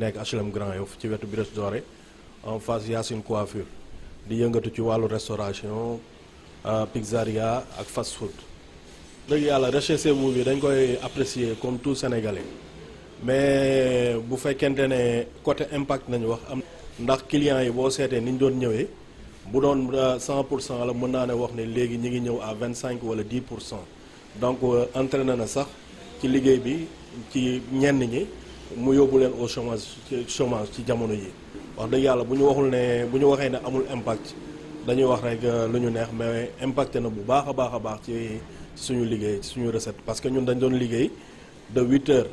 nekk HLM Grand Yoff ci wetu Brioche Dorée en face Yacine Coiffure di yëngatu ci wàllu restauration euh, pizzeria ak fast food. dëgg yàlla recherche mu bi dañ koy apprécier comme tout sénégalais mais bu fekkente ne côté impact nañu wax am. ndax clients yi boo seetee ni ñu doon ñëwee bu doon 100 euh, pour cent la mën naa ne wax ne léegi ñi ngi ñëw à cinq wala 10 pour cent donc euh, entraîné na sax ci liggéey bi ci ñenn ñi. mu yóbbu leen au chômage chômage ci jamono yi wax dëgg yàlla bu ñu waxul ne bu ñu waxee ne amul impact dañuy wax rek euh, lu ñu neex mais impacté na bu baax a baax a baax ci suñu liggéey ci suñu recette parce que ñun dañ doon liggéey de 8 heures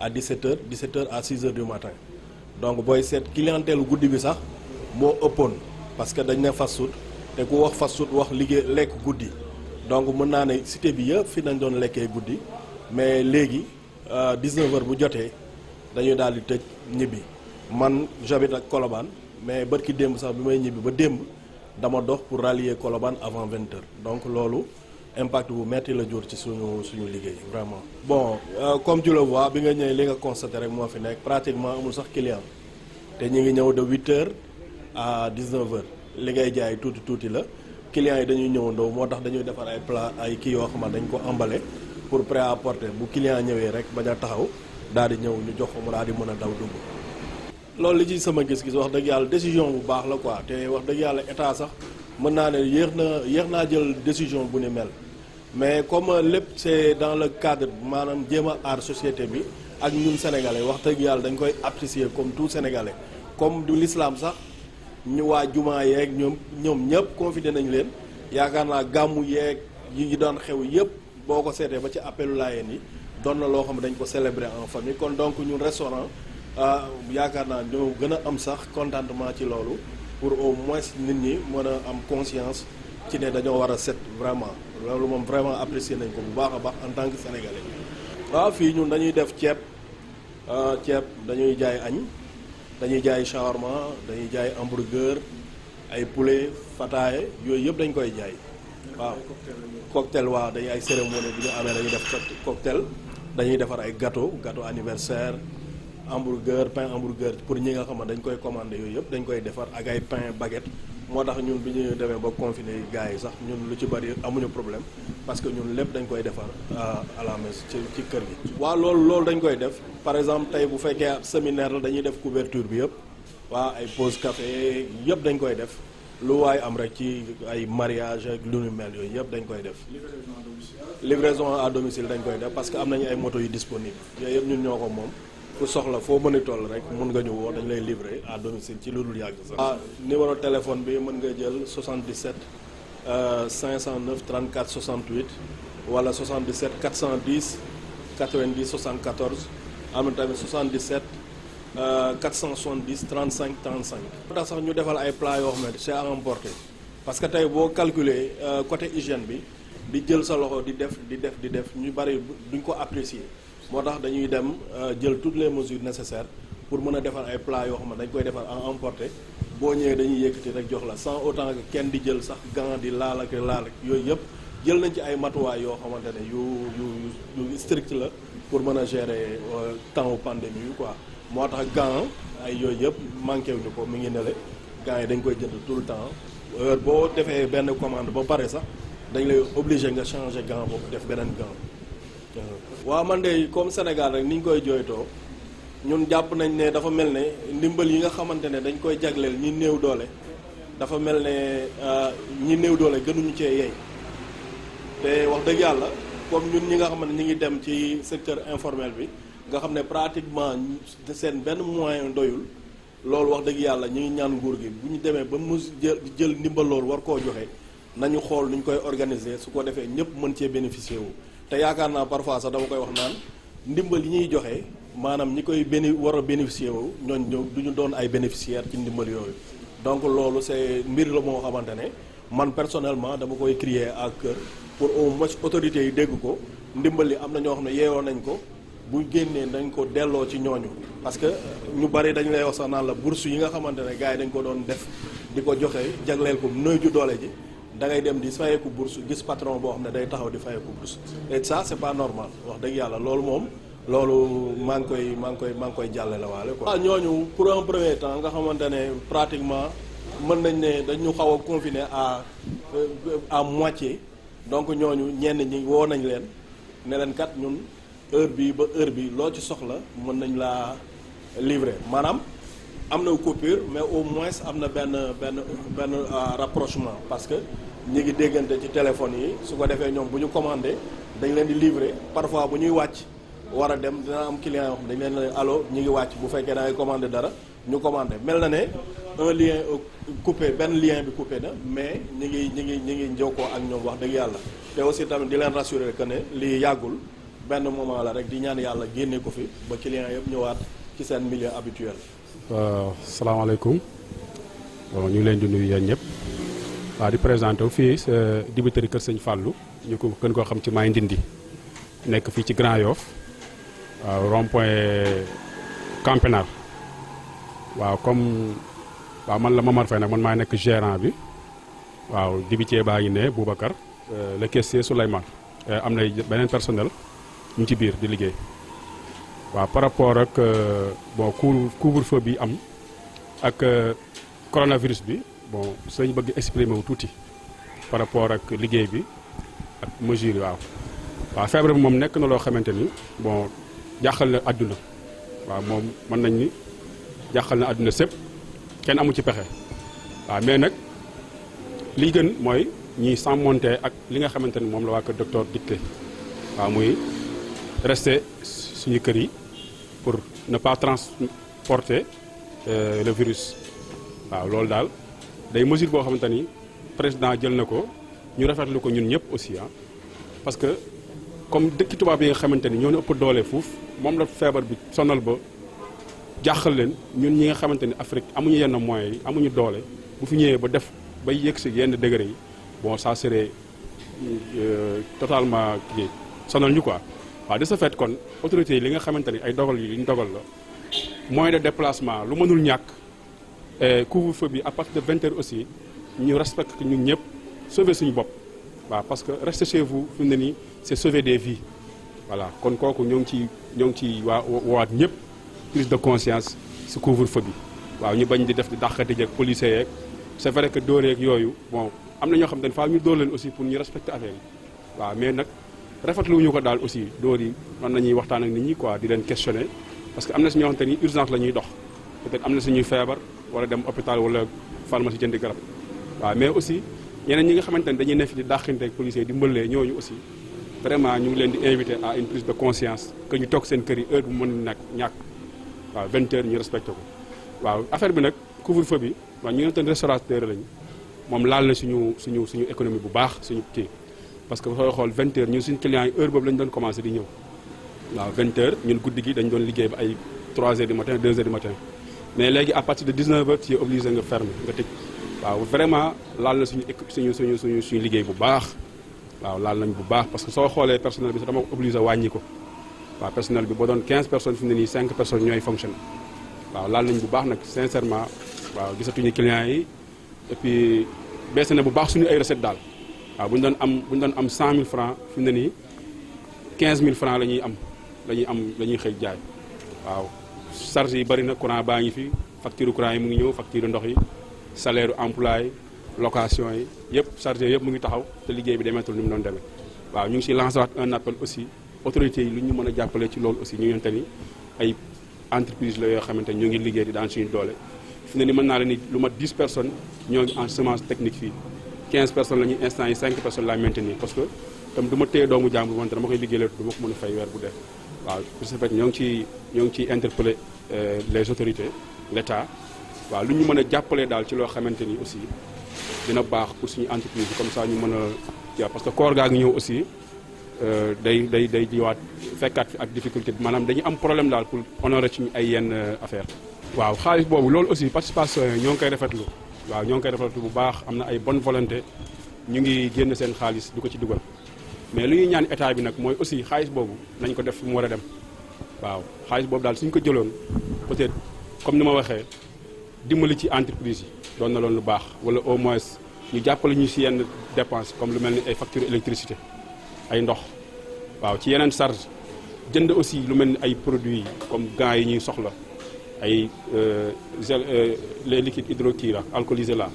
à 17 heures à 6 heures du matin donc booy set clientèle guddi bi sax moo ëppoon parce que dañ ne fast food te ku wax fast food wax liggéey lekk guddi donc mën naa ne cité bi yëpp fi dañ doon lekkee guddi mais léegi 19 euh, heures bu jotee. dañuy daal di tëj ñibbi man j'habite ak Colobane mais ki démb sax bi may ñibbi ba démb dama dox pour rallier Colobane avant 20 heures donc loolu impact bu metti la jur ci suñu suñu liggéey vraiment. bon euh, comme tu le vois bi nga ñëwee li nga constaté rek moo fi nekk pratiquement amul sax client te ñu ngi ñëw de 8 heures à 19 heures li ngay jaay tuuti tuuti la clients yi dañuy ñëwandoo moo tax dañuy defar ay plat ay kii yoo xam ne dañ ko emballé pour prêt à porter bu client ñëwee rek bañ taxaw. daal di ñëw ñu jox ko mu daal di mën a daw dugg loolu li ci sama gis-gis wax dëgg yàlla décision bu baax la quoi te wax dëgg yàlla état sax mën naa ne yéex na yéex naa jël décision bu ni mel mais comme lépp c'est dans le cadre maanaam jéem a aar société bi ak ñun sénégalais wax dëgg yàlla dañ koy apprécier comme tout sénégalais comme du lislaam sax ñu waa jumaa yeeg ñoom ñoom ñëpp confidé nañu leen yaakaar naa gàmmu yeeg yi daan xew yëpp boo ko seetee ba ci appelu laayeen yi doon na loo xam ne dañ ko célébrer en famille kon donc ñu restaurant euh, yaakaar naa ñoo gën a am sax contentement ci loolu pour au moins nit ñi mën a am conscience ci ne dañoo war a set vraiment loolu moom vraiment apprécier nañ ko bu baax a baax en tant que sénégalais. waaw fii ñun dañuy def ceeb euh, ceeb dañuy jaay añ dañuy jaay shawarma dañuy jaay hamburger ay poulet fataaye yooyu yëpp dañ koy jaay. waaw cocktail waaw dañuy ay cérémonie bi ñu amee dañuy def cocktail. dañuy defar ay gâteau gâteau anniversaire hamburger pain hamburger pour ñi nga xam ne dañ koy commandé yooyu yëpp dañ koy defar ak ay pain baguette moo tax ñun bi ñuy demee ba confiné gars yi sax ñun lu ci bari amuñu problème parce que ñun lépp dañ koy defar euh, à la messe ci ci kër gi. waa loolu loolu dañ koy def par exemple tey bu fekkee ab séminaire la dañuy def couverture bi yëpp waa ay pause café yëpp dañ koy def. lu waay am rek ci ay mariage ak lu nu mel yooyu yëpp dañ koy def livraison à domicile dañ koy def parce que am nañu ay moto yu disponible yooyu yëpp ñun ñoo ko moom ku soxla foo mën a toll rek mun nga ñu woo dañ lay livrer à domicile ci lu dul yàgg sax ah numéro téléphone bi mën nga jël 77 509 34 68 wala 77 410 90 74 am na tamit 77 470 35 35. moo tax sax ñu defal ay plat yoo xam ne c'est à parce que tey boo calculer euh, côté hygiène bi di jël sa loxo di def di def di def ñu bari duñ ko apprécier moo tax dañuy dem euh, jël toutes les mesures nécessaires pour mën a defar ay plat yoo xam ne dañ koy defar à emporter boo ñëwee dañuy yëkkati rek jox la sans autant que kenn di jël sax gant di laal ak laal yooyu yëpp jël nañ ci ay matuwaay yoo xamante ne yu yu yu strict la pour mën a gérer euh, temps pandémie yu quoi. moo tax gants ay yooyu yëpp manqué wuñu ko mi ngi nele gants yi dañ koy jënd tout le temps heure boo defee benn commande ba pare sax dañ lay obligé nga changer gant boobu def beneen gant. waaw man de comme Sénégal rek ni ñu koy jooytoo ñun jàpp nañ ne dafa mel ne ndimbal yi nga xamante ne dañ koy jagleel ñi néew doole dafa mel ne euh, ñi néew doole gënuñu ci yey te wax dëgg yàlla comme ñun ñi nga xam ne ñu ngi dem ci secteur informel bi. nga xam ne pratiquement seen benn moyen doyul loolu wax dëgg yàlla ñu ngi ñaan nguur gi bu ñu demee ba mu jël jël ndimbal loolu war koo joxe nañu xool nu ñu koy organiser su ko defee ñëpp mën cee bénéficier wu. te yaakaar naa parfois sax dama koy wax naan ndimbal yi ñuy joxe maanaam ñi koy béni war a bénéficier wu ñooñu du ñu doon ay bénéficiaire ci ndimbal yooyu donc loolu c'est mbir la moo xamante ne man personnellement dama koy crier ak cœur pour au moins autorités yi dégg ko ndimbal am na ñoo xam ne yeewoo nañ ko. bu génnee dañ ko delloo ci ñooñu parce que ñu bari dañ lay wax sax naan la bourse yi nga xamante ne gars yi dañ ko doon def di ko joxe jagleel ko nëy ju doole ji da ngay dem di fayeeku bourse gis patron boo xam ne day taxaw di fayeeku bourse et ça c'est pas normal wax dëgg yàlla loolu moom loolu maa ngi koy maa ngi koy maa ngi koy jàllale waale quoi. waaw ah, ñooñu pour un premier temps nga xamante ne pratiquement mën nañ ne dañu xaw a confiné à euh, à moitié donc ñooñu ñenn ñi woo nañ leen ne leen kat ñun. heure bi ba heure bi loo ci soxla mën nañ laa livrer maanaam am na coupure mais au moins am na benn benn benn euh, rapprochement parce que ñi ngi déggante ci téléphone yi su ko defee ñoom bu ñu commandé dañ leen di livrer parfois bu ñuy wàcc war a dem dina am client yoo xam dañ leen ne allo ñi ngi wàcc bu fekkee da ngay commandé dara ñu commandé mel na ne un lien euh, coupé benn lien bi coupé na mais ñi ngi ñi ngi ñi ngi njokkoo ak ñoom wax dëgg yàlla te aussi tamit di leen rassurer que ne lii yàggul benn moment la rek di ñaan yàlla génne ko fi ba client yëpp ñëwaat ci seen milieu habituel. waaw salaamaaleykum bon ñu ngi leen di nuyu yéen ñëpp waaw di présenté wu fii euh, dibiteri Kër Sëñ fàllu ñu ko gën koo xam ci maay Ndindi nekk fii ci Grand Yoff waaw rond-point Campenard waaw comme waaw man la Mamar Faye nag man maa nekk gérant bi waaw dibitier baa ngi ne Boubacar euh, le caissier Souleymane euh, am na beneen personnel. ñu ci biir di liggéey waaw par rapport ak euh, bon couvre couvre feu bi am ak euh, coronavirus bi bon sëñ bëgg exprimer wu tuuti par rapport ak liggéey bi ak mesure waaw waaw feebar bi moom nekk na loo xamante ni bon jaaxal na àdduna waaw moom mën nañ ni jaaxal na àdduna sépp kenn amu ci pexe waaw mais nag li gën mooy ñuy sàmmonte ak li nga xamante ni moom la waa kër docteur dicté muy rester suñu kër yi pour ne pas transporter euh, le virus waaw loolu daal day mesure boo xamante ni président jël na ko ñu rafetlu ko ñun ñëpp aussi ah parce que comme dëkki tubaab yi nga xamante ni ñoo ñu ëpp doole fuuf moom la feebar bi sonal ba jaaxal leen ñun ñi nga xamante ni Afrique amuñu yenn moyen yi amuñu doole bu fi ñëwee ba def ba yëg si yenn degré yi boo ça serait euh, totalement kii sonal ñu quoi. waaw de ce fait kon autorités yi li nga xamante ni ay dogal yi li ñu dogal la moyen de déplacement lu mënul ñàkk couvre-feu bi à partir de vingt heures aussi ñu respecte ñu ñëpp sauver suñu bopp waaw parce que rester chez vous fi mu ne nii c'est sauver des vies voilà kon kooku ñoo ngi ci ñoo ngi ci waa woowaat ñëpp prise de conscience si couvre-feu bi waaw ñu bañ di def di dàqati jeeg policiers yeeg c'est vrai que dóoreeg yooyu bon am na ñoo xam ne faa ñu dóor leen aussi pour ñu respecter affaire rafetlu wuñu ko daal aussi dóor yi mën nañuy waxtaan ak nit ñi quoi di leen questionner parce que am na si ñoo xamante ni urgence la ñuy dox peut-être am na suñuy feebar wala dem hôpital wala pharmacie jëndi garab waa mais aussi ñeneen ñi nga xamante ni dañuy nekk di dàqante ak policiers di mbëllee ñu aussi vraiment ñu ngi leen di invité à une prise de conscience que ñu toog seen kër yi heure bu mën nag ñàkk waaw 20 heures ñu respecté ko waaw affaire bi nag couvre-feu bi waaw ñu ngi leen restaurateur lañu moom laal na suñu suñu suñu économie bu baax suñu kii parce que booy xool vingt heures ñun suñu clients yi heure boobu lañ doon commencé di ñëw waaw vingt ñun guddi gi dañ doon liggéey ba ay trois heures du matin deux heures du matin mais léegi à partir de dix neuf heures nga fermer nga tëj waaw vraiment laal na suñu suñu suñu suñu suñu liggéey bu baax waaw laal nañ bu baax parce que soo xoolee personnel bi sax dama ko obligé wàññi ko waaw personnel bi boo doon quinze personne fi mu ne nii cinq personnes ñooy fonctionné bu baax nag sincèrement waaw gisatuñu clients yi et puis baissé bu baax suñu ay recettes daal. waaw bu ñu doon am bu doon am cent mille francs fi nii quinze mille francs la ñuy am la am la xëy jaay waaw charge yi bari courant baa ngi fi facture courant yi mu ngi ñëw facture ndox yi salaire emploi yi location yi yëpp charge yëpp mu ngi taxaw te liggéey bi demeetul ni mu doon demee waaw ñu ngi si lancer waat un appel aussi autorités yi lu ñu mën a jàppale ci loolu aussi ñu yonte ni ay entreprise la yoo xamante ñu ngi liggéey di daan suñu doole fi ne mën naa la lu ma 10 personnes ñoo en semence technique fii 15 personnes la ñuy instant yi 5 personnes laa maintenir parce que tam du téye doomu jàmbur wante dama koy liggéeyal du ma ko mën a fay weer bu def waaw pour ce fait ñoo ngi ciy ngi ciy interpeller euh, les autorités l' waaw lu ñu mën a jàppalee daal ci loo xamante ni aussi dina baax pour suñu entreprise comme ça ñu mën parce que koor gaa ngi ñëw aussi euh, day day day jiwaat fekkaat fi ak difficulté bi maanaam dañuy am problème daal pour honorer suñu ay yenn euh, affaire waaw xaalis boobu loolu aussi participation ñoo ngi koy rafetlu waaw ñoo ngi koy rafetlu bu baax am na ay bonne volonté ñu ngi génn seen xaalis du ko ci dugal mais lu ñuy ñaan état bi nag mooy aussi xaalis boobu nañ ko def fi mu war a dem waaw xaalis boobu daal suñ ko jëloon peut-être comme ni ma waxee dimbali ci entreprise yi doon na loon lu baax wala au moins ñu jàppale ñu si yenn dépense comme lu mel ni ay facture électricité ay ndox waaw ci yeneen sarge jënd aussi lu mel ni ay produits comme gants yi ñuy soxla ay euh, gel euh, les liquides hydroquis la alcoolisés la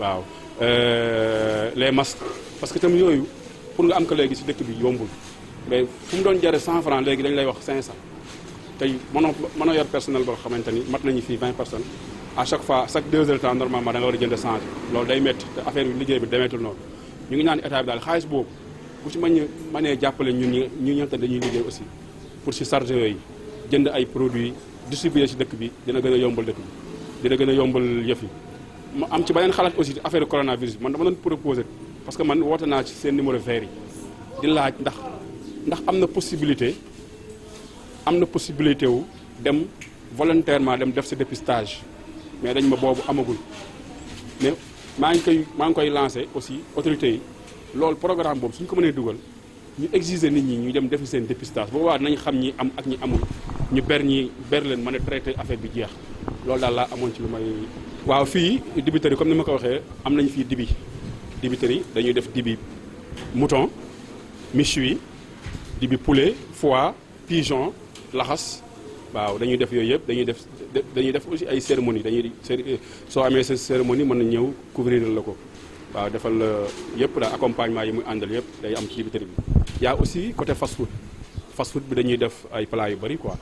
waaw euh, les masques parce que tam yooyu pour nga am ko léegi si dëkk bi yombul mais fu mu doon jare 100 francs léegi dañ lay wax 500 tey mënoo mënoo yor personnel boo xamante ni mat nañu fii 20 personnes à chaque fois chaque 2 heures de temps normalement da nga war a jënd change loolu day métti te affaire bi liggéey bi demeetul noonu ñu ngi naan état bi daal xaalis boobu bu ci mën mënee jàppale ñun ñi ñu ñoo xam dañuy aussi pour si chargeurs yi jënd ay produits distribuer ci dëkk bi dina gën a yombal dëkk bi dina gën a yombal yëf yi ma am ci beneen xalaat aussi affaire coronavirus man dama doon proposé parce que man woote naa ci seen numéro vert di laaj ndax ndax am na possibilité am na possibilité wu dem volontairement dem def sa dépistage mais dañ ma boobu amagul mais maa ngi koy maa ngi koy lancé aussi autorité yi loolu programme boobu suñ ko mënee dugal ñu exiger nit ñi ñu dem defi seen dépistage boobaa dinañ xam ñi am ak ñi amul ñu per ñi ber leen mën a traité affaire bi jeex loolu daal laa amoon ci lu may. waaw fii dibiteri comme ni ma ko waxee am nañ fii dibi dibiteri dañuy def dibi mouton méchoui dibi poulet foie pigeon laxas waaw dañuy def yooyu yëpp dañuy def dañuy def aussi ay cérémonie dañuy soo amee sa cérémonie mën na ñëw couvrir la ko waaw defal la yëpp daal accompagnement yi muy àndal yëpp day am ci dibiteri bi. y a aussi côté fast food fast food bi dañuy def ay plat yu bari quoi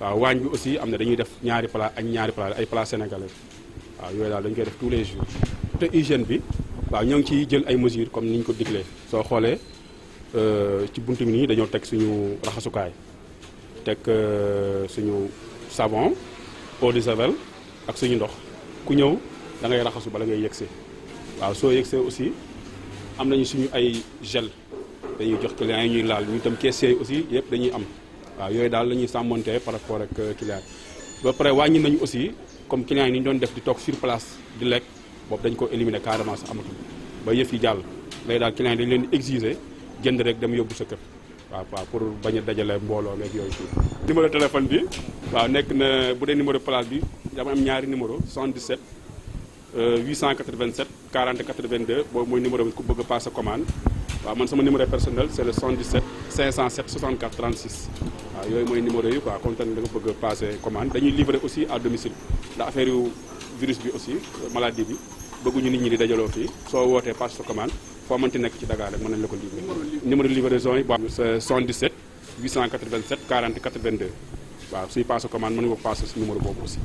waaw waañ bi aussi am na dañuy def ñaari plat ak ñaari plat ay plat sénégalais waaw yooyu daal dañ koy def tous les jours te hygiène bi waaw ñoo ngi ciy jël ay mesures comme ni ñu ko diglee soo xoolee euh, ci buntu bi nii dañoo teg suñu raxasukaay teg euh, suñu savon eau de ak suñu ndox ku ñëw da raxasu bala ngay yegsi waaw soo yegsee aussi am nañu suñu ay gel dañuy jox clients yi ñuy laal ñu tam kees yi aussi yëpp dañuy am waaw yooyu daal la ñuy sàmmantee par rapport ak euh, client ba pare wàññi nañu aussi comme clients yi ñu doon def di toog sur place di lekk boobu dañ ko éliminer carrément sax amatul ba yëf yi jàll léegi daal clients yi dañ leen di exiger jënd rek dem yóbbu sa kër waaw waaw pour bañ a dajale mbooloo meeg yooyu fii. numéro téléphone bi waaw nekk na bu dee numéro place bi dama am ñaari numéro 77 887 40 82 boobu mooy numéro bi ku bëgg a passer waaw man sama numéro personnel c' est le 77 507 64 36 waaw yooyu mooy numéro yi quoi comme tamit da nga bëgg a passé commande dañuy livrer aussi à domicile ndax affaire yu virus bi aussi maladie bi bëgguñu nit ñi di dajaloo fii soo wootee passe sa foo mënti nekk ci Dakar rek mën nañ la ko livrer. numéro livraison yi boobu. c' est 77 887 40 82 waaw suy passe commande mën nga ko passe si numéro boobu aussi.